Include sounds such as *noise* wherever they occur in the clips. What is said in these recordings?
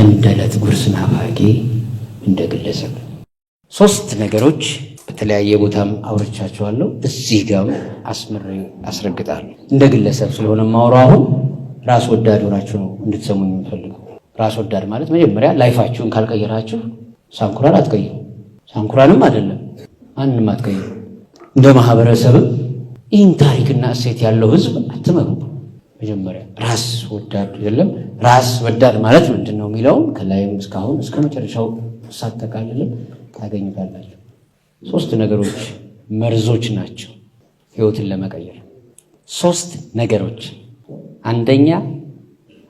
እንደ ዕለት ጉርስ ናፋቂ እንደ ግለሰብ ሶስት ነገሮች በተለያየ ቦታም አውርቻቸዋለሁ። እዚህ ጋር አስምሬ አስረግጣለሁ። እንደ ግለሰብ ስለሆነ ማውራው አሁን ራስ ወዳድ ሆናችሁ ነው እንድትሰሙ የሚፈልጉ ራስ ወዳድ ማለት መጀመሪያ ላይፋችሁን ካልቀየራችሁ ሳንኩራን አትቀይሩ፣ ሳንኩራንም አይደለም አንንም አትቀይሩ። እንደ ማህበረሰብም ይህን ታሪክና እሴት ያለው ህዝብ አትመሩ። መጀመሪያ ራስ ወዳድ የለም። ራስ ወዳድ ማለት ምንድን ነው የሚለውን ከላይም እስካሁን እስከ መጨረሻው ሳጠቃልልም ታገኙታላችሁ። ሶስት ነገሮች መርዞች ናቸው ህይወትን ለመቀየር ሶስት ነገሮች። አንደኛ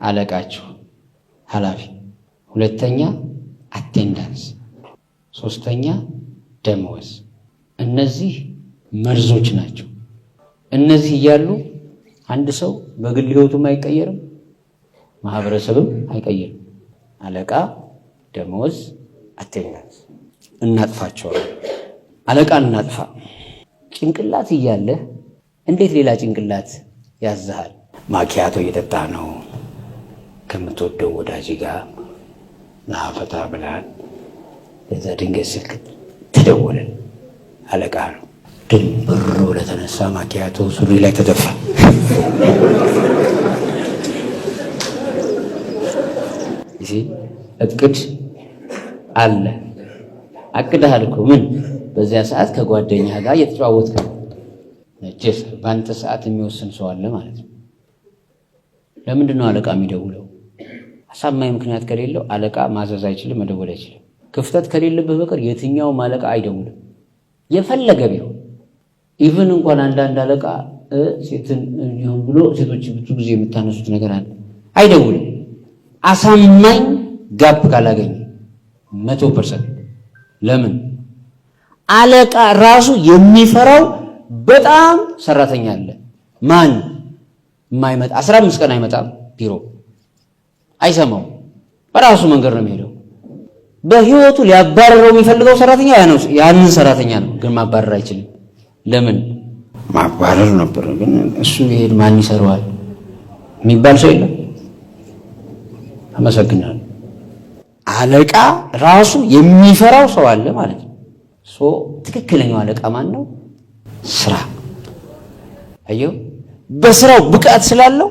አለቃችሁ ኃላፊ፣ ሁለተኛ አቴንዳንስ፣ ሶስተኛ ደመወዝ። እነዚህ መርዞች ናቸው። እነዚህ እያሉ አንድ ሰው በግል ህይወቱም አይቀየርም፣ ማህበረሰብም አይቀየርም። አለቃ ደሞዝ አተኛት እናጥፋቸዋል። አለቃ እናጥፋ። ጭንቅላት እያለህ እንዴት ሌላ ጭንቅላት ያዝሃል? ማኪያቶ እየጠጣ ነው ከምትወደው ወዳጅ ጋር ናፈታ ብላን፣ በዛ ድንገት ስልክ ተደወለን። አለቃ ነው ግን ብሩ ለተነሳ ማኪያቶ ሱሪ ላይ ተደፋ። እቅድ አለ አቅድሃል እኮ ምን በዚያ ሰዓት ከጓደኛ ጋር እየተጫወትክ ነው። በአንተ ሰዓት የሚወስን ሰው አለ ማለት ነው። ለምንድን ነው አለቃ የሚደውለው? አሳማኝ ምክንያት ከሌለው አለቃ ማዘዝ አይችልም፣ መደወል አይችልም። ክፍተት ከሌለብህ በቀር የትኛውም አለቃ አይደውልም። የፈለገ ቢሆን ኢቨን እንኳን አንዳንድ አለቃ ሴትን እንዲሁም ብሎ ሴቶች ብዙ ጊዜ የምታነሱት ነገር አለ። አይደውልም አሳማኝ ጋፕ ካላገኘ መቶ ፐርሰንት። ለምን አለቃ ራሱ የሚፈራው በጣም ሰራተኛ አለ። ማን የማይመጣ አስራ አምስት ቀን አይመጣም ቢሮ አይሰማው፣ በራሱ መንገድ ነው የሚሄደው። በህይወቱ ሊያባረረው የሚፈልገው ሰራተኛ ያንን ሰራተኛ ነው፣ ግን ማባረር አይችልም። ለምን ማባረር ነበር። ግን እሱ ይሄድ ማን ይሰራዋል የሚባል ሰው የለም። አመሰግናለሁ። አለቃ ራሱ የሚፈራው ሰው አለ ማለት ነው። ሶ ትክክለኛው አለቃ ማን ነው? ስራ አየው። በስራው ብቃት ስላለው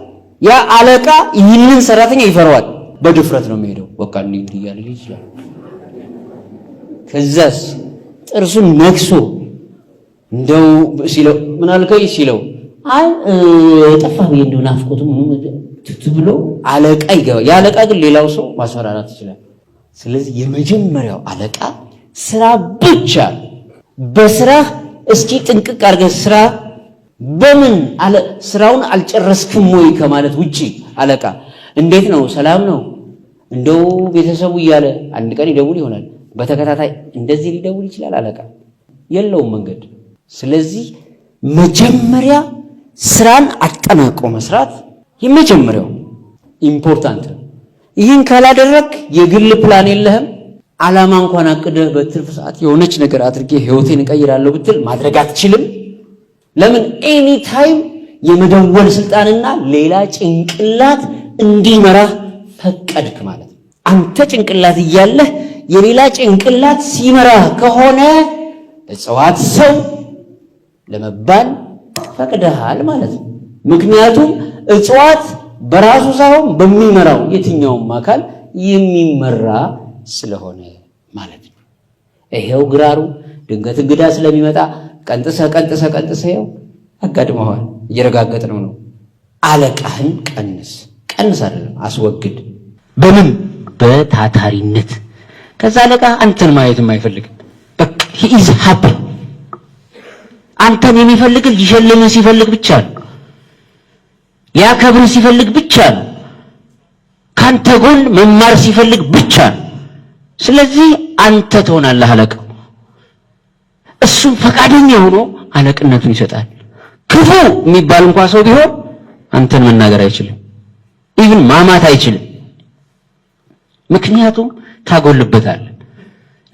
ያ አለቃ ይህንን ሰራተኛ ይፈራዋል። በድፍረት ነው የሚሄደው። በቃ እንዲህ እያለ ይችላል። ከዛስ ጥርሱን ነክሶ እንደው ሲለው ምን አልከኝ ሲለው አይ ጠፋ ብዬ እንደው ናፍቆቱ ብሎ አለቃ ይገባል። የአለቃ ግን ሌላው ሰው ማስፈራራት ይችላል። ስለዚህ የመጀመሪያው አለቃ ስራ ብቻ በስራ እስኪ ጥንቅቅ አድርገህ ስራ በምን ስራውን አልጨረስክም ወይ ከማለት ውጪ አለቃ እንዴት ነው ሰላም ነው እንደው ቤተሰቡ እያለ አንድ ቀን ይደውል ይሆናል። በተከታታይ እንደዚህ ሊደውል ይችላል አለቃ የለውም መንገድ ስለዚህ መጀመሪያ ስራን አጠናቆ መስራት የመጀመሪያው ኢምፖርታንት ነው። ይህን ካላደረግ የግል ፕላን የለህም። አላማ እንኳን አቅደህ በትርፍ ሰዓት የሆነች ነገር አድርጌ ህይወቴን እቀይራለሁ ብትል ማድረግ አትችልም። ለምን? ኤኒ ታይም የመደወል ስልጣንና ሌላ ጭንቅላት እንዲመራህ ፈቀድክ ማለት ነው። አንተ ጭንቅላት እያለህ የሌላ ጭንቅላት ሲመራህ ከሆነ እጽዋት ሰው ለመባል ፈቅደሃል ማለት ነው። ምክንያቱም እጽዋት በራሱ ሳይሆን በሚመራው የትኛውም አካል የሚመራ ስለሆነ ማለት ነው። ይሄው ግራሩ ድንገት እንግዳ ስለሚመጣ ቀንጥሰ ቀንጥሰ ቀንጥሰ ይኸው አጋድመዋል። እየረጋገጥ ነው ነው አለቃህን ቀንስ ቀንስ አይደለም አስወግድ። በምን በታታሪነት ከዛ አለቃ አንተን ማየት የማይፈልግ በቃ ሂ ኢዝ አንተን የሚፈልግ ሊሸልምህ ሲፈልግ ብቻ ነው። ሊያከብርህ ሲፈልግ ብቻ ነው። ካንተ ጎን መማር ሲፈልግ ብቻ ነው። ስለዚህ አንተ ትሆናለህ አለቃው። እሱም ፈቃደኛ ሆኖ አለቅነቱን ይሰጣል። ክፉ የሚባል እንኳ ሰው ቢሆን አንተን መናገር አይችልም። ኢቭን ማማት አይችልም። ምክንያቱም ታጎልበታል።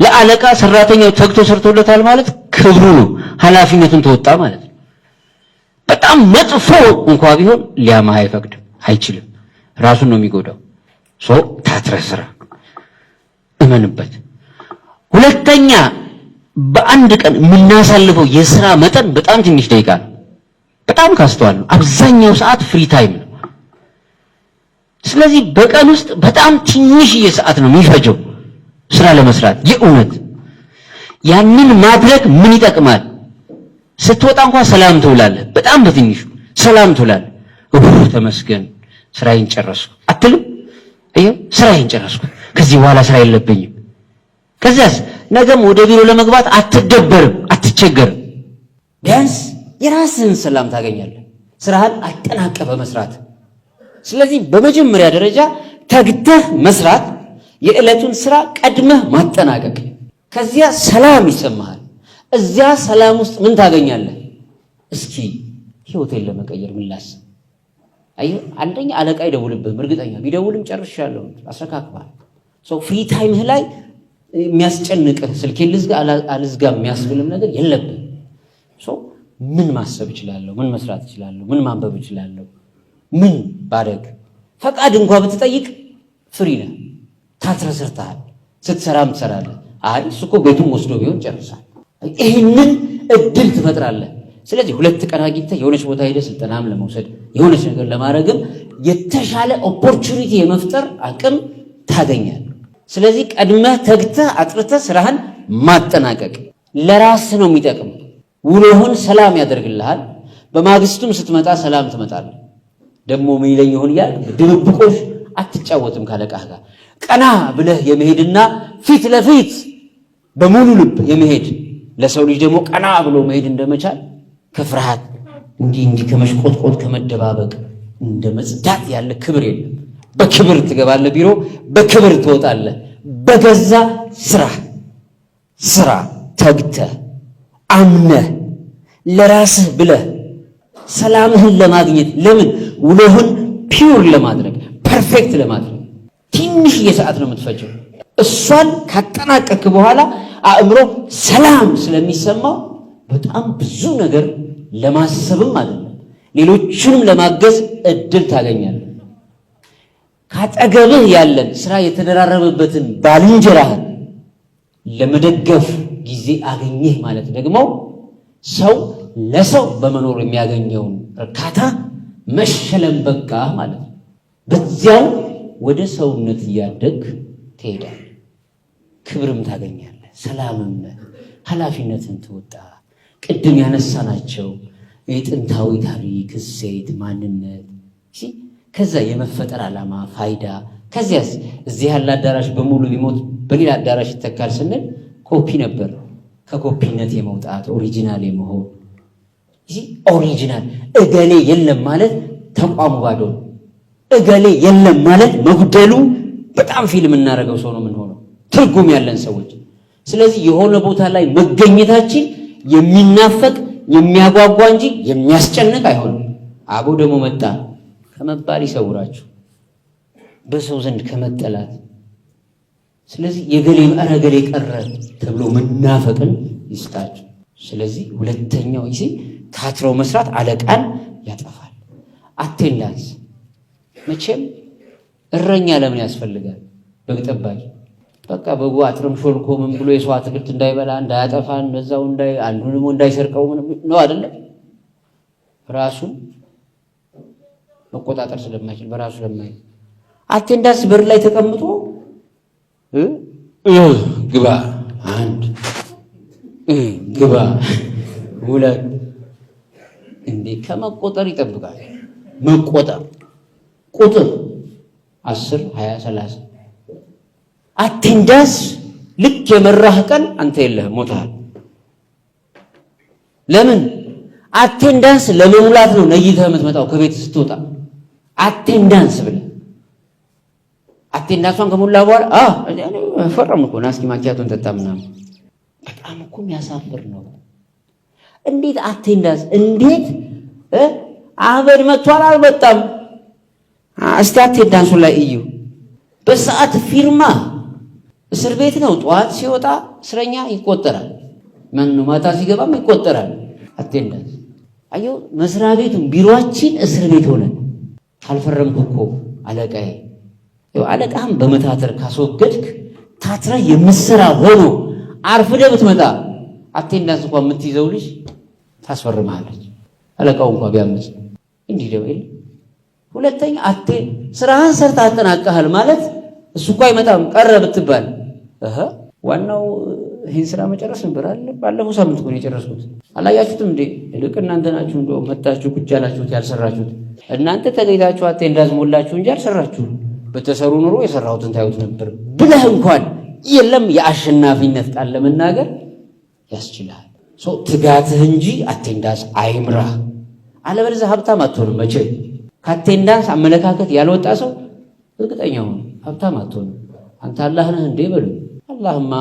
ለአለቃ ሰራተኛው ተግቶ ሰርቶለታል ማለት ክብሩ ነው። ኃላፊነቱን ተወጣ ማለት ነው። በጣም መጥፎ እንኳ ቢሆን ሊያማህ አይፈቅድም፣ አይችልም። ራሱን ነው የሚጎዳው። ሰው ታትረህ ስራ፣ እመንበት። ሁለተኛ በአንድ ቀን የምናሳልፈው የስራ መጠን በጣም ትንሽ ደቂቃ ነው። በጣም ካስተዋል ነው። አብዛኛው ሰዓት ፍሪ ታይም ነው። ስለዚህ በቀን ውስጥ በጣም ትንሽዬ ሰዓት ነው የሚፈጀው ስራ ለመስራት የእውነት ያንን ማድረግ ምን ይጠቅማል? ስትወጣ እንኳን ሰላም ትውላለህ። በጣም በትንሹ ሰላም ትውላለህ። እሁድ ተመስገን ስራዬን ጨረስኩ አትልም? ይኸው ስራዬን ጨረስኩ፣ ከዚህ በኋላ ስራ የለብኝም። ከዚያስ ነገም ወደ ቢሮ ለመግባት አትደበርም፣ አትቸገርም። ቢያንስ የራስህን ሰላም ታገኛለህ፣ ስራህን አጠናቀህ በመስራት። ስለዚህ በመጀመሪያ ደረጃ ተግተህ መስራት፣ የዕለቱን ስራ ቀድመህ ማጠናቀቅ ከዚያ ሰላም ይሰማሃል። እዚያ ሰላም ውስጥ ምን ታገኛለህ? እስኪ ህይወቴን ለመቀየር ምን ላስብ? አየህ፣ አንደኛ አለቃ ይደውልብህም፣ እርግጠኛ ቢደውልም ጨርሻለሁ አስረካክባል። ሰው ፍሪ ታይምህ ላይ የሚያስጨንቅህ ስልኬን ልዝጋ አልዝጋ የሚያስብልም ነገር የለብህ። ሰው ምን ማሰብ እችላለሁ? ምን መስራት እችላለሁ? ምን ማንበብ እችላለሁ? ምን ባደግ ፈቃድ እንኳ ብትጠይቅ ፍሪ ነህ። ታትረስርተሃል፣ ስትሰራም ትሰራለህ። አይ እሱ እኮ ቤቱን ወስዶ ቢሆን ጨርሳል። ይህንን እድል ትፈጥራለህ። ስለዚህ ሁለት ቀን አግኝተህ የሆነች ቦታ ሄደህ ስልጠናም ለመውሰድ የሆነች ነገር ለማድረግም የተሻለ ኦፖርቹኒቲ የመፍጠር አቅም ታገኛለህ። ስለዚህ ቀድመህ ተግተህ አጥርተህ ስራህን ማጠናቀቅ ለራስ ነው የሚጠቅም። ውሎህን ሰላም ያደርግልሃል። በማግስቱም ስትመጣ ሰላም ትመጣለህ። ደግሞ ምን ይለኝ ይሆን እያል ድብብቆሽ አትጫወትም ካለቃህ ጋር ቀና ብለህ የመሄድና ፊት ለፊት በሙሉ ልብ የመሄድ ለሰው ልጅ ደግሞ ቀና ብሎ መሄድ እንደመቻል ከፍርሃት እንዲህ እንዲህ ከመሽቆጥቆጥ ከመደባበቅ እንደ መጽዳት ያለ ክብር የለም። በክብር ትገባለህ ቢሮ፣ በክብር ትወጣለህ። በገዛ ስራ ስራ ተግተህ አምነህ ለራስህ ብለህ ሰላምህን ለማግኘት ለምን ውሎህን ፒውር ለማድረግ ፐርፌክት ለማድረግ ትንሽ የሰዓት ነው የምትፈጀው። እሷን ካጠናቀክ በኋላ አእምሮ ሰላም ስለሚሰማው በጣም ብዙ ነገር ለማሰብም አይደለም ሌሎችንም ለማገዝ እድል ታገኛለህ። ካጠገብህ ያለን ስራ የተደራረበበትን ባልንጀራህን ለመደገፍ ጊዜ አገኘህ ማለት ደግሞ ሰው ለሰው በመኖር የሚያገኘውን እርካታ መሸለም በቃ ማለት ነው። በዚያው ወደ ሰውነት እያደግ ትሄዳል። ክብርም ታገኛለ ሰላምም፣ ኃላፊነትን ትወጣ። ቅድም ያነሳናቸው የጥንታዊ ታሪክ፣ እሴት፣ ማንነት ከዛ የመፈጠር ዓላማ ፋይዳ፣ ከዚያስ እዚህ ያለ አዳራሽ በሙሉ ቢሞት በሌላ አዳራሽ ይተካል ስንል ኮፒ ነበር። ከኮፒነት የመውጣት ኦሪጂናል የመሆን ኦሪጂናል እገሌ የለም ማለት ተቋሙ ባዶ፣ እገሌ የለም ማለት መጉደሉ በጣም ፊልም እናደረገው ሰው ነው የምንሆነው። ትርጉም ያለን ሰዎች። ስለዚህ የሆነ ቦታ ላይ መገኘታችን የሚናፈቅ የሚያጓጓ እንጂ የሚያስጨንቅ አይሆንም። አቦ ደግሞ መጣ ከመባል ይሰውራችሁ፣ በሰው ዘንድ ከመጠላት። ስለዚህ የገሌ ኧረ ቀረ ተብሎ መናፈቅን ይስጣችሁ። ስለዚህ ሁለተኛው ጊዜ ካትረው መስራት አለቃን ያጠፋል። አቴንዳንስ መቼም እረኛ ለምን ያስፈልጋል? በግ ጠባቂ በቃ በጉ አትረም ሾልኮ ምን ብሎ የሰው አትክልት እንዳይበላ እንዳያጠፋ እነዛው እንዳይ አንዱ ደግሞ እንዳይሰርቀው ነው አይደለም። ራሱን መቆጣጠር ስለማይችል በራሱ ለማይ አቴንዳንስ በር ላይ ተቀምጦ ግባ አንድ ግባ ሁለት እንዴ ከመቆጠር ይጠብቃል። መቆጠር ቁጥር አስር ሀያ ሰላሳ አትንዳስ። ልክ የመራህ ቀን አንተ የለህም፣ ሞታል ለምን አቴንዳንስ ለመሙላት ነው ነይተህ የምትመጣው ከቤት ስትወጣ አቴንዳንስ ብለህ አቴንዳንሷን ከሞላ በኋላ ፈረም እኮ ናስኪ እስኪ ጠጣ ምናምን። በጣም እኮ የሚያሳፍር ነው። እንዴት አቴንዳንስ እንዴት አህመድ መጥቷል አልመጣም? እስቲ አቴንዳንሱ ላይ እዩ። በሰዓት ፊርማ እስር ቤት ነው። ጠዋት ሲወጣ እስረኛ ይቆጠራል። መኑ ማታ ሲገባም ይቆጠራል። አቴንዳንስ አየሁ። መስሪያ ቤቱን ቢሮችን እስር ቤት ሆነ። አልፈረምኩ እኮ አለቃዬ። አለቃህም በመታተር ካስወገድክ ታትረ የምሰራ ሆኖ አርፍደህ ብትመጣ አቴንዳንስ እንኳ የምትይዘው ልጅ ታስፈርምሃለች። አለቃው እንኳ ቢያምፅ እንዲህ ደው የለ። ሁለተኛ አቴ ስራህን ሰርታ አጠናቀሃል ማለት እሱ እኮ አይመጣም ቀረ ብትባል ዋናው ይህን ስራ መጨረስ ነበር አለ። ባለፈው ሳምንት ነው የጨረስኩት። አላያችሁትም እንዴ? ይልቅ እናንተ ናችሁ እንደ መታችሁ ቁጭ ያላችሁት ያልሰራችሁት። እናንተ ተገኝታችሁ አቴንዳንስ ሞላችሁ እንጂ አልሰራችሁ። በተሰሩ ኑሮ የሰራሁትን ታዩት ነበር ብለህ እንኳን የለም የአሸናፊነት ቃል ለመናገር ያስችላል። ትጋትህ እንጂ አቴንዳንስ አይምራ አለበለዚያ ሀብታም አትሆንም። መቼ ከአቴንዳንስ አመለካከት ያልወጣ ሰው እርግጠኛውን ሀብታም አትሆንም። አንተ አላህ ነህ እንዴ በሉ አላህማ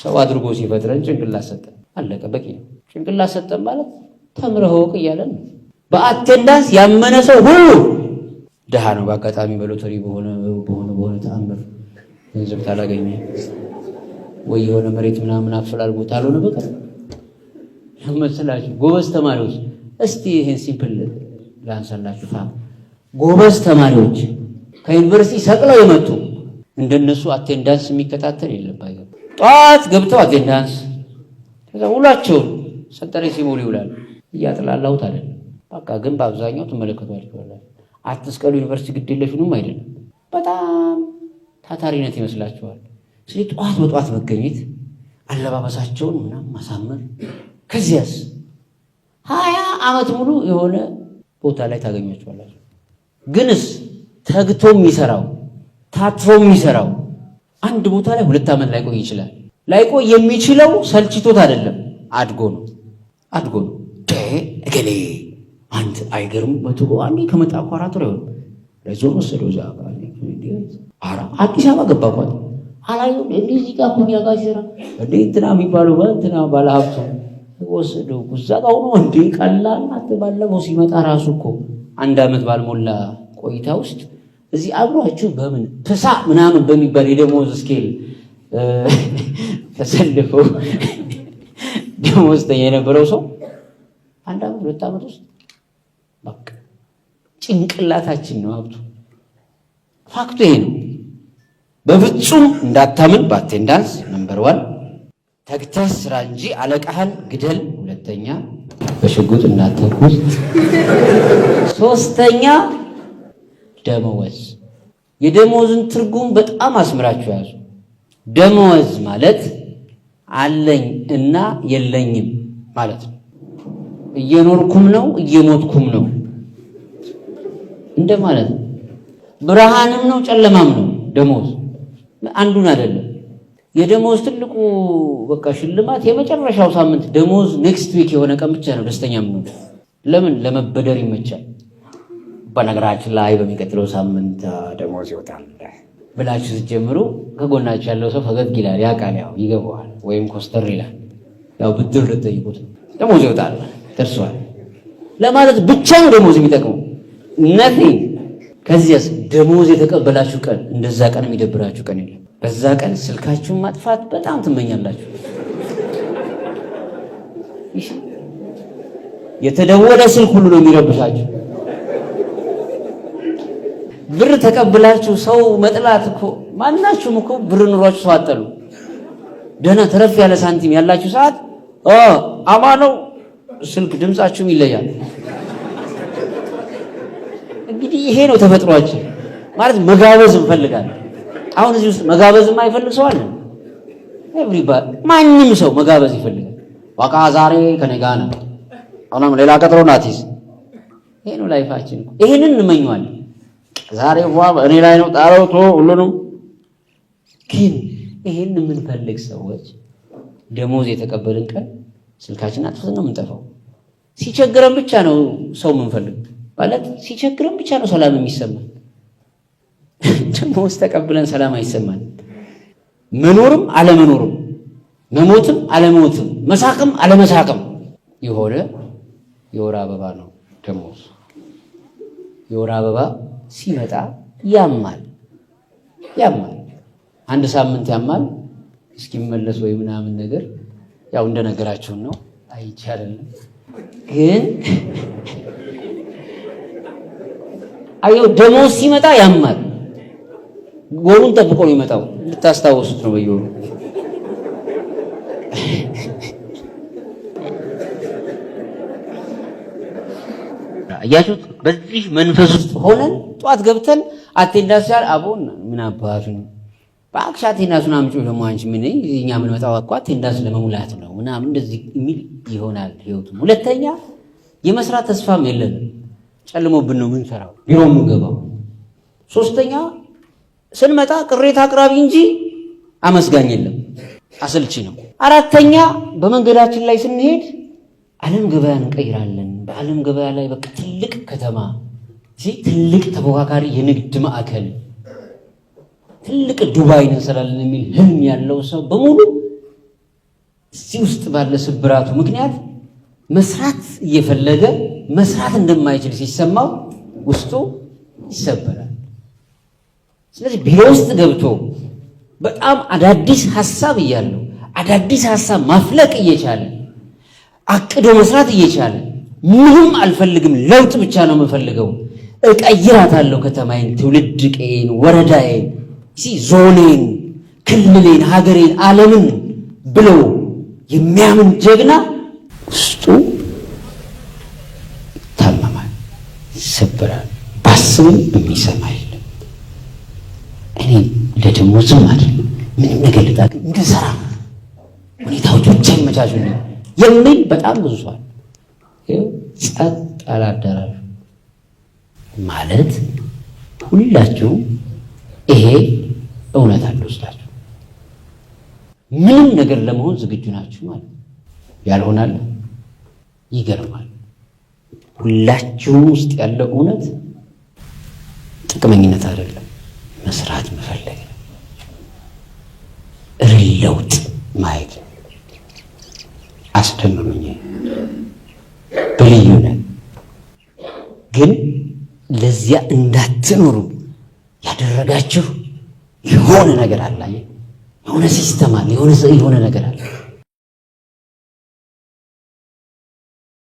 ሰው አድርጎ ሲፈጥረን ጭንቅላት ሰጠን። አለቀ፣ በቂ ነው። ጭንቅላት ሰጠን ማለት ተምረህ እወቅ እያለን ነው። በአቴንዳንስ ያመነ ሰው ሁሉ ድሃ ነው። በአጋጣሚ በሎተሪ በሆነ በሆነ ተአምር ገንዘብ ታላገኘ ወይ የሆነ መሬት ምናምን አፍል አድርጎ ታልሆነ በቀር መስላችሁ ጎበዝ ተማሪዎች፣ እስቲ ይህን ሲምፕል ላንሳላችሁ። ጎበዝ ተማሪዎች ከዩኒቨርሲቲ ሰቅለው የመጡ እንደነሱ አቴንዳንስ የሚከታተል የለም። ጠዋት ገብተው አቴንዳንስ ከዛ ውሏቸውን ሰንጠረዥ ሲሞሉ ይውላል። እያጥላላሁት አይደለም በቃ ግን በአብዛኛው ትመለከቷቸዋላችሁ። አትስቀሉ ዩኒቨርሲቲ ግዴለሽንም አይደለም በጣም ታታሪነት ይመስላችኋል። ስለዚህ ጠዋት በጠዋት መገኘት አለባበሳቸውን ምናምን ማሳመር ከዚያስ ሀያ ዓመት ሙሉ የሆነ ቦታ ላይ ታገኛቸዋላችሁ። ግንስ ተግቶ የሚሰራው ታትሮ የሚሰራው አንድ ቦታ ላይ ሁለት ዓመት ላይቆይ ይችላል። ላይቆይ የሚችለው ሰልችቶት አይደለም፣ አድጎ ነው አድጎ ነው። እገሌ አንተ አይገርም መቶ አንዴ ከመጣ እኮ አራት ወር ይሆናል። ለዞን ወሰደው እዛ አራ አዲስ አበባ ገባኳት አላየሁም ጋር ኩኛ ጋር ሲሰራ እንትና የሚባለው ባለሀብቱ ወሰደው እዛ ጋር ሆኖ ቀላል ሲመጣ ራሱ እኮ አንድ ዓመት ባልሞላ ቆይታ ውስጥ እዚህ አብሯችሁ በምን ፕሳ ምናምን በሚባል የደሞዝ ስኬል ተሰልፈው ደሞዝተኛ የነበረው ሰው አንድ ዓመት ሁለት አመት ውስጥ በቃ ጭንቅላታችን ነው ሀብቱ። ፋክቱ ይሄ ነው። በፍጹም እንዳታምን በአቴንዳንስ ነምበር ዋን ተግተህ ስራ እንጂ አለቃህን ግደል። ሁለተኛ በሽጉጥ እንዳትተኩስ። ሶስተኛ ደመወዝ የደመወዝን ትርጉም በጣም አስምራችሁ ያዙ። ደመወዝ ማለት አለኝ እና የለኝም ማለት ነው። እየኖርኩም ነው እየሞትኩም ነው እንደ ማለት ነው። ብርሃንም ነው ጨለማም ነው። ደመወዝ አንዱን አይደለም። የደመወዝ ትልቁ በቃ ሽልማት የመጨረሻው ሳምንት ደመወዝ ኔክስት ዊክ የሆነ ቀን ብቻ ነው ደስተኛ ምንሆን። ለምን ለመበደር ይመቻል። በነገራችን ላይ በሚቀጥለው ሳምንት ደሞዝ ይወጣል ብላችሁ ስትጀምሩ ከጎናችሁ ያለው ሰው ፈገግ ይላል፣ ያውቃል፣ ያው ይገባዋል፣ ወይም ኮስተር ይላል። ያው ብድር ልጠይቁት ደሞዝ ይወጣል ደርሷል ለማለት ብቻ ነው ደሞዝ የሚጠቅመው ነፊ ከዚያስ ደሞዝ የተቀበላችሁ ቀን እንደዛ ቀን የሚደብራችሁ ቀን የለም። በዛ ቀን ስልካችሁን ማጥፋት በጣም ትመኛላችሁ። የተደወለ ስልክ ሁሉ ነው የሚረብሻችሁ። ብር ተቀብላችሁ ሰው መጥላት እኮ ማናችሁም እኮ ብር ኑሯችሁ ሰው አጠሉ። ደህና ተረፍ ያለ ሳንቲም ያላችሁ ሰዓት አማ ነው ስልክ ድምፃችሁም ይለያል። እንግዲህ ይሄ ነው ተፈጥሯችን ማለት መጋበዝ እንፈልጋለን። አሁን እዚህ ውስጥ መጋበዝ የማይፈልግ ሰው አለ? ኤቭሪባዲ ማንም ሰው መጋበዝ ይፈልጋል። ዋቃ ዛሬ ከነጋ ነው ሌላ ቀጥሮ ናቲስ ይሄ ነው ላይፋችን። ይሄንን እንመኘዋለን ዛሬ እኔ ላይ ነው ጣለው ቶ ሁሉንም። ግን ይህን የምንፈልግ ሰዎች ደሞዝ የተቀበልን ቀን ስልካችን አጥፍተን ነው የምንጠፋው። ሲቸግረን ብቻ ነው ሰው የምንፈልግ ማለት ሲቸግረን ብቻ ነው ሰላም የሚሰማን። *laughs* ደሞዝ ተቀብለን ሰላም አይሰማን። መኖርም አለመኖርም መሞትም አለመሞትም መሳቅም አለመሳቅም የሆነ የወር አበባ ነው ደሞዝ የወር አበባ ሲመጣ ያማል ያማል። አንድ ሳምንት ያማል እስኪመለስ ወይ ምናምን ነገር ያው እንደነገራችሁን ነው አይቻልም። ግን አየው ደሞዝ ሲመጣ ያማል። ወሩን ጠብቆ ነው የሚመጣው። እንድታስታውሱት ነው በየወሩ አያችሁት? በዚህ መንፈስ ውስጥ ሆነን ጠዋት ገብተን አቴንዳንስ ሲያል አቦና ምን አባቱ በአክሽ አቴንዳንሱን አምጪው ደግሞ አንቺ ምን እኛ የምንመጣው እኮ አቴንዳንስ ለመሙላት ነው ምናምን እንደዚህ የሚል ይሆናል ህይወቱ። ሁለተኛ የመስራት ተስፋም የለን ጨልሞብን ነው ምንሰራው ቢሮ የምንገባው። ሶስተኛ ስንመጣ ቅሬታ አቅራቢ እንጂ አመስጋኝ የለም፣ አሰልቺ ነው። አራተኛ በመንገዳችን ላይ ስንሄድ ዓለም ገበያ እንቀይራለን። በዓለም ገበያ ላይ በቃ ትልቅ ከተማ ትልቅ ተፎካካሪ የንግድ ማዕከል ትልቅ ዱባይ እንሰራለን የሚል ህልም ያለው ሰው በሙሉ እዚህ ውስጥ ባለ ስብራቱ ምክንያት መስራት እየፈለገ መስራት እንደማይችል ሲሰማው ውስጡ ይሰበራል። ስለዚህ ቢሮ ውስጥ ገብቶ በጣም አዳዲስ ሀሳብ እያለው አዳዲስ ሀሳብ ማፍለቅ እየቻለ አቅዶ መስራት እየቻለ ምንም አልፈልግም፣ ለውጥ ብቻ ነው የምፈልገው፣ እቀይራታለሁ ከተማዬን፣ ትውልድ ቀዬን፣ ወረዳዬን፣ ዞኔን፣ ክልሌን፣ ሀገሬን፣ ዓለምን ብለው የሚያምን ጀግና ውስጡ ይታመማል፣ ይሰበራል። ባስብም የሚሰማ የለም። እኔ ለደሞዝም አይደለም ምንም ነገር ልጣ እንድሰራ ሁኔታዎች ብቻ ይመቻቹልኝ። የሚል በጣም ብዙ ሰዋል። ጸጥ አላደራሹ ማለት ሁላችሁም ይሄ እውነት አለ ውስጣችሁ። ምንም ነገር ለመሆን ዝግጁ ናችሁ ማለት ያልሆናል። ይገርማል። ሁላችሁም ውስጥ ያለው እውነት ጥቅመኝነት አይደለም፣ መስራት መፈለግ ነው፣ ለውጥ ማየት ነው። አስደምሙኝ በልዩነት ግን ለዚያ እንዳትኖሩ ያደረጋችሁ የሆነ ነገር አለ። የሆነ ሲስተም አለ። የሆነ ነገር አለ።